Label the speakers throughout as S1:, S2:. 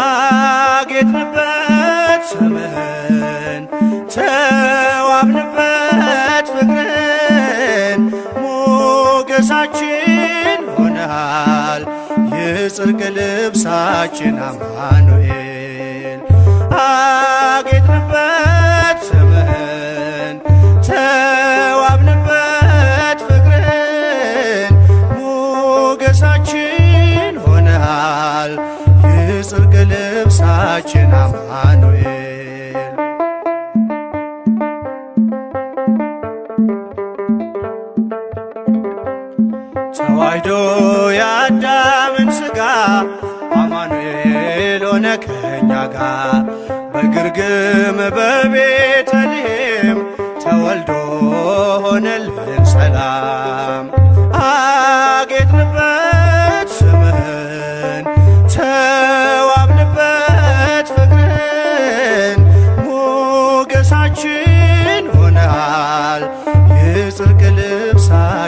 S1: አጌጥንበት ሰምህን ተዋብንበት ፍቅርን ሞገሳችን ሆነሃል የጽርቅ ልብሳችን አማኑኤል አምላካችን አማኑኤል ተዋህዶ የአዳምን ሥጋ አማኑኤል ሆነ ከእኛ ጋር በግርግም በቤተልሔም ተወልዶ ሆነልን ሰላም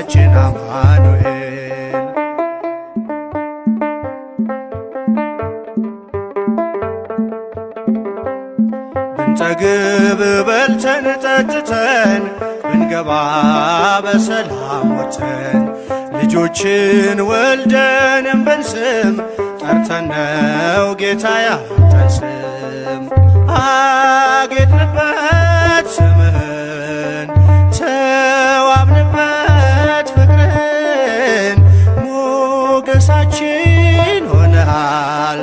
S1: አምላካችን አማኑኤል ብንጠግብ በልተን ጠጥተን ብንገባ በሰላም ወተን ልጆችን ወልደን ብንስም ጠርተነው ጌታ ያወጣን ስም አጌጥንበት ይሆናል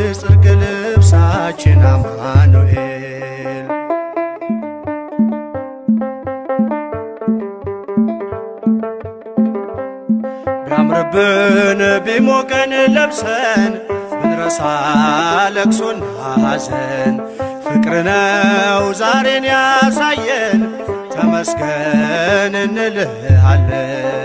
S1: የጽርቅ ልብሳችን አማኑኤል ቢያምርብን ቢሞቀን ለብሰን ብንረሳ ለቅሶና ሐዘን ፍቅር ነው ዛሬን ያሳየን ተመስገን እንልሃለን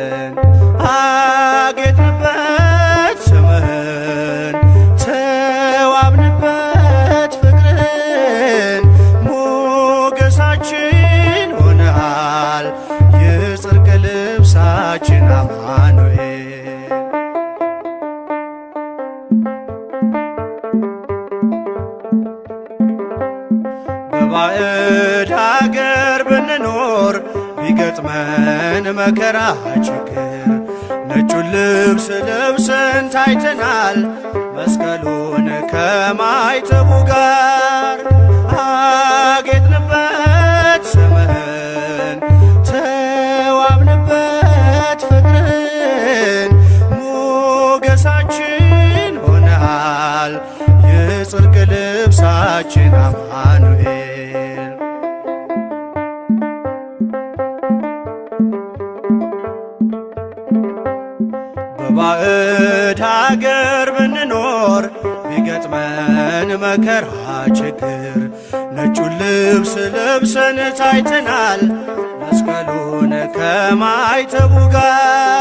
S1: አምላካችን አማኑኤል በባዕድ አገር ብንኖር ቢገጥመን መከራ ችግር ነጩን ልብስ ልብስን ታይተናል መስቀሉን ከማይተቡ ጋር ጽድቅ ልብሳችን አማኑኤል በባዕድ ሀገር ብንኖር ቢገጥመን መከራ ችግር ነጩን ልብስ ለብሰን ታይተናል መስቀሉን ከማይተቡ ጋር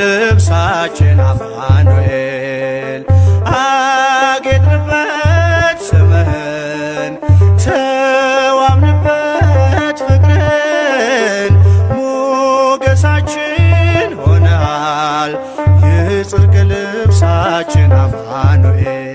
S1: ልብሳችን አማኑኤል አጌጥንበት ስምህን ተዋምንበት ፍቅርን ሞገሳችን ሆነሃል የጽድቅ ልብሳችን አማኑኤል